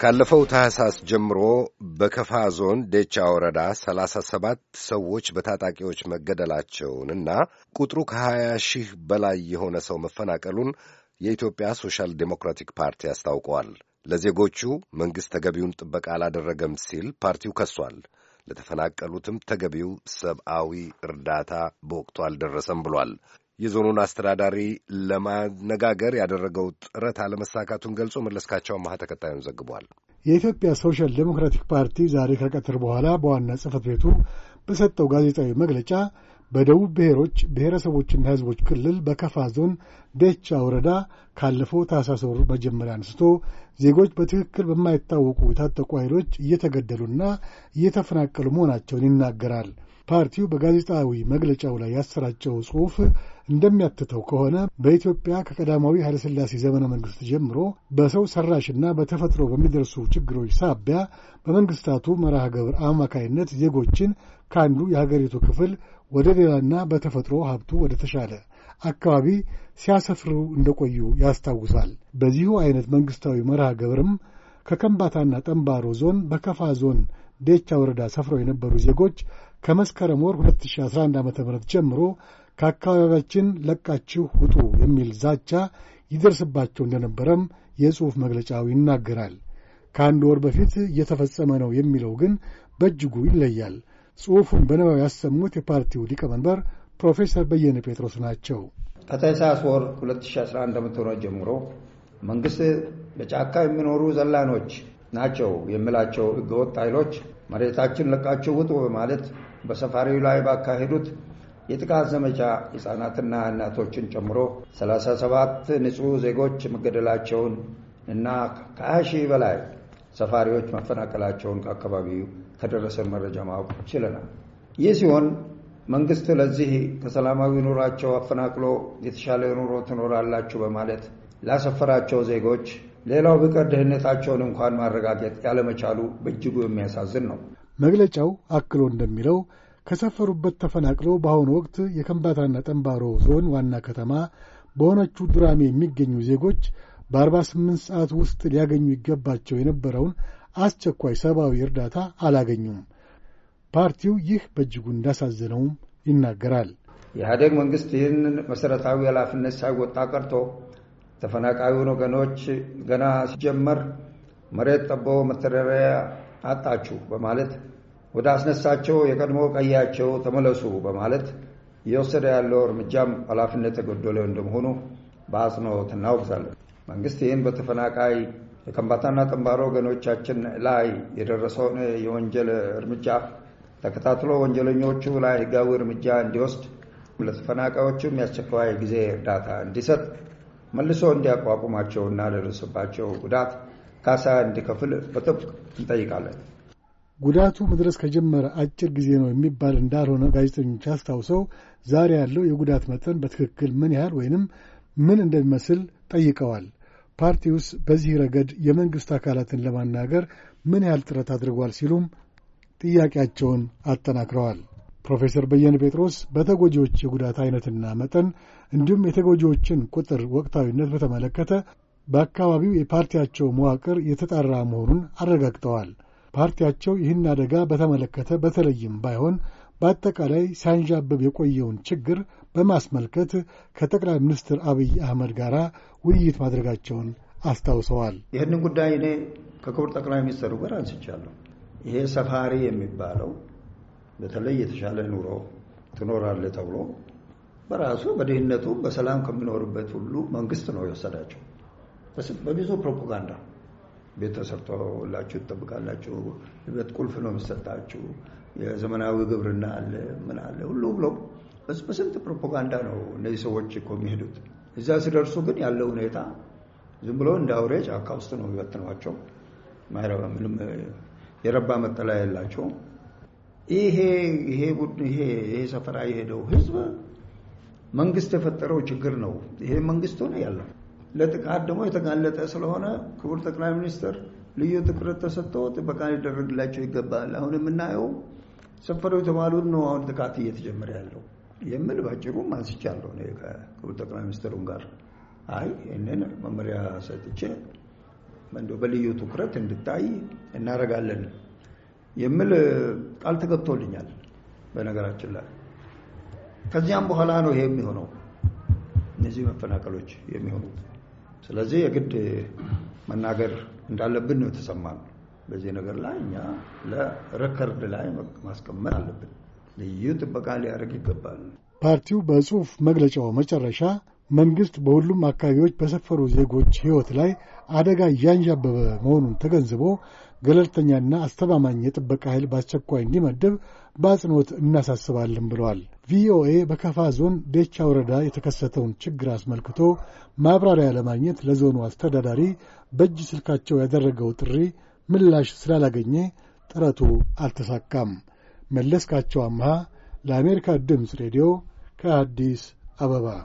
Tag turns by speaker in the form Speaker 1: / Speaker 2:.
Speaker 1: ካለፈው ታህሳስ ጀምሮ በከፋ ዞን ዴቻ ወረዳ ሰላሳ ሰባት ሰዎች በታጣቂዎች መገደላቸውንና ቁጥሩ ከሀያ ሺህ በላይ የሆነ ሰው መፈናቀሉን የኢትዮጵያ ሶሻል ዴሞክራቲክ ፓርቲ አስታውቀዋል። ለዜጎቹ መንግሥት ተገቢውን ጥበቃ አላደረገም ሲል ፓርቲው ከሷል። ለተፈናቀሉትም ተገቢው ሰብአዊ እርዳታ በወቅቱ አልደረሰም ብሏል። የዞኑን አስተዳዳሪ ለማነጋገር ያደረገው ጥረት አለመሳካቱን ገልጾ መለስካቸው አማሃ ተከታዩን ዘግቧል።
Speaker 2: የኢትዮጵያ ሶሻል ዴሞክራቲክ ፓርቲ ዛሬ ከቀትር በኋላ በዋና ጽህፈት ቤቱ በሰጠው ጋዜጣዊ መግለጫ በደቡብ ብሔሮች ብሔረሰቦችና ሕዝቦች ክልል በከፋ ዞን ደቻ ወረዳ ካለፈው ታህሳስ ወር መጀመሪያ አንስቶ ዜጎች በትክክል በማይታወቁ የታጠቁ ኃይሎች እየተገደሉና እየተፈናቀሉ መሆናቸውን ይናገራል። ፓርቲው በጋዜጣዊ መግለጫው ላይ ያሰራጨው ጽሑፍ እንደሚያትተው ከሆነ በኢትዮጵያ ከቀዳማዊ ኃይለሥላሴ ዘመነ መንግሥት ጀምሮ በሰው ሰራሽና በተፈጥሮ በሚደርሱ ችግሮች ሳቢያ በመንግሥታቱ መርሃ ግብር አማካይነት ዜጎችን ከአንዱ የሀገሪቱ ክፍል ወደ ሌላና በተፈጥሮ ሀብቱ ወደ ተሻለ አካባቢ ሲያሰፍሩ እንደቆዩ ያስታውሳል። በዚሁ አይነት መንግሥታዊ መርሃ ግብርም ከከምባታና ጠምባሮ ዞን በከፋ ዞን ዴቻ ወረዳ ሰፍረው የነበሩ ዜጎች ከመስከረም ወር 2011 ዓ ም ጀምሮ ከአካባቢያችን ለቃችሁ ውጡ የሚል ዛቻ ይደርስባቸው እንደነበረም የጽሑፍ መግለጫው ይናገራል። ከአንድ ወር በፊት እየተፈጸመ ነው የሚለው ግን በእጅጉ ይለያል። ጽሑፉን በንባብ ያሰሙት የፓርቲው ሊቀመንበር ፕሮፌሰር በየነ ጴጥሮስ ናቸው። ከታህሳስ
Speaker 1: ወር 2011 ዓ.ም ጀምሮ መንግሥት በጫካ የሚኖሩ ዘላኖች ናቸው የሚላቸው ህገወጥ ኃይሎች መሬታችን ለቃቸው ውጡ በማለት በሰፋሪው ላይ ባካሄዱት የጥቃት ዘመቻ ህጻናትና እናቶችን ጨምሮ 37 ንጹሕ ዜጎች መገደላቸውን እና ከ20 ሺህ በላይ ሰፋሪዎች መፈናቀላቸውን ከአካባቢው ከደረሰን መረጃ ማወቅ ችለናል። ይህ ሲሆን መንግስት ለዚህ ከሰላማዊ ኑሯቸው አፈናቅሎ የተሻለ ኑሮ ትኖራላችሁ በማለት ላሰፈራቸው ዜጎች ሌላው ብቀር ደህንነታቸውን እንኳን ማረጋገጥ ያለመቻሉ በእጅጉ የሚያሳዝን ነው።
Speaker 2: መግለጫው አክሎ እንደሚለው ከሰፈሩበት ተፈናቅሎ በአሁኑ ወቅት የከምባታና ጠንባሮ ዞን ዋና ከተማ በሆነችው ዱራሜ የሚገኙ ዜጎች በ48 ሰዓት ውስጥ ሊያገኙ ይገባቸው የነበረውን አስቸኳይ ሰብአዊ እርዳታ አላገኙም። ፓርቲው ይህ በእጅጉ እንዳሳዘነውም ይናገራል።
Speaker 1: የኢህአዴግ መንግሥት ይህንን መሠረታዊ ኃላፊነት ሳይወጣ ቀርቶ ተፈናቃዩን ወገኖች ገና ሲጀመር መሬት ጠቦ መተዳደሪያ አጣችሁ በማለት ወደ አስነሳቸው የቀድሞ ቀያቸው ተመለሱ በማለት እየወሰደ ያለው እርምጃም ኃላፊነት የጎደለው እንደመሆኑ በአጽንኦት እናወግዛለን። መንግስት ይህን በተፈናቃይ የከንባታና ጠንባሮ ወገኖቻችን ላይ የደረሰውን የወንጀል እርምጃ ተከታትሎ ወንጀለኞቹ ላይ ህጋዊ እርምጃ እንዲወስድ ለተፈናቃዮቹም የአስቸኳይ ጊዜ እርዳታ እንዲሰጥ መልሶ እንዲያቋቁማቸውና ለደረሰባቸው ጉዳት ካሳ እንዲከፍል በጥብቅ እንጠይቃለን።
Speaker 2: ጉዳቱ መድረስ ከጀመረ አጭር ጊዜ ነው የሚባል እንዳልሆነ ጋዜጠኞች አስታውሰው ዛሬ ያለው የጉዳት መጠን በትክክል ምን ያህል ወይንም ምን እንደሚመስል ጠይቀዋል። ፓርቲውስ በዚህ ረገድ የመንግሥት አካላትን ለማናገር ምን ያህል ጥረት አድርጓል ሲሉም ጥያቄያቸውን አጠናክረዋል። ፕሮፌሰር በየነ ጴጥሮስ በተጎጂዎች የጉዳት አይነትና መጠን እንዲሁም የተጎጂዎችን ቁጥር ወቅታዊነት በተመለከተ በአካባቢው የፓርቲያቸው መዋቅር የተጣራ መሆኑን አረጋግጠዋል። ፓርቲያቸው ይህን አደጋ በተመለከተ በተለይም ባይሆን በአጠቃላይ ሲያንዣብብ የቆየውን ችግር በማስመልከት ከጠቅላይ ሚኒስትር አብይ አህመድ ጋር ውይይት ማድረጋቸውን አስታውሰዋል።
Speaker 1: ይህንን ጉዳይ እኔ ከክቡር ጠቅላይ ሚኒስትሩ ጋር አንስቻለሁ። ይሄ ሰፋሪ የሚባለው በተለይ የተሻለ ኑሮ ትኖራለህ ተብሎ በራሱ በድህነቱም በሰላም ከሚኖርበት ሁሉ መንግስት ነው የወሰዳቸው። በብዙ ፕሮፓጋንዳ ቤት ተሰርቶላችሁ ትጠብቃላችሁ፣ ቤት ቁልፍ ነው የሚሰጣችሁ፣ የዘመናዊ ግብርና አለ ምን አለ ሁሉ ብሎ በስንት ፕሮፓጋንዳ ነው እነዚህ ሰዎች እኮ የሚሄዱት። እዛ ሲደርሱ ግን ያለው ሁኔታ ዝም ብሎ እንደ አውሬ ጫካ ውስጥ ነው የሚበትኗቸው። ማይረባ ምንም የረባ መጠለያ የላቸውም። ይሄ ይሄ ቡድን ይሄ ሰፈራ የሄደው ህዝብ መንግስት የፈጠረው ችግር ነው። ይሄ መንግስት ሆነ ያለው ለጥቃት ደግሞ የተጋለጠ ስለሆነ ክቡር ጠቅላይ ሚኒስትር ልዩ ትኩረት ተሰጥቶ ጥበቃ ሊደረግላቸው ይገባል። አሁን የምናየው ሰፈሩ የተባሉት ነው አሁን ጥቃት እየተጀመረ ያለው የሚል ባጭሩ አንስቻለሁ ከክቡር ጠቅላይ ሚኒስትሩን ጋር አይ ይህንን መመሪያ ሰጥቼ እንደው በልዩ ትኩረት እንድታይ እናደርጋለን የሚል ቃል ተገብቶልኛል በነገራችን ላይ ከዚያም በኋላ ነው ይሄ የሚሆነው እነዚህ መፈናቀሎች የሚሆኑት። ስለዚህ የግድ መናገር እንዳለብን ነው የተሰማን። በዚህ ነገር ላይ እኛ ለረከርድ ላይ ማስቀመጥ አለብን። ልዩ ጥበቃ ሊያደርግ ይገባል።
Speaker 2: ፓርቲው በጽሁፍ መግለጫው መጨረሻ መንግስት በሁሉም አካባቢዎች በሰፈሩ ዜጎች ሕይወት ላይ አደጋ እያንዣበበ መሆኑን ተገንዝቦ ገለልተኛና አስተማማኝ የጥበቃ ኃይል በአስቸኳይ እንዲመድብ በአጽንኦት እናሳስባለን ብለዋል። ቪኦኤ በከፋ ዞን ዴቻ ወረዳ የተከሰተውን ችግር አስመልክቶ ማብራሪያ ለማግኘት ለዞኑ አስተዳዳሪ በእጅ ስልካቸው ያደረገው ጥሪ ምላሽ ስላላገኘ ጥረቱ አልተሳካም። መለስካቸው አምሃ ለአሜሪካ ድምፅ ሬዲዮ ከአዲስ አበባ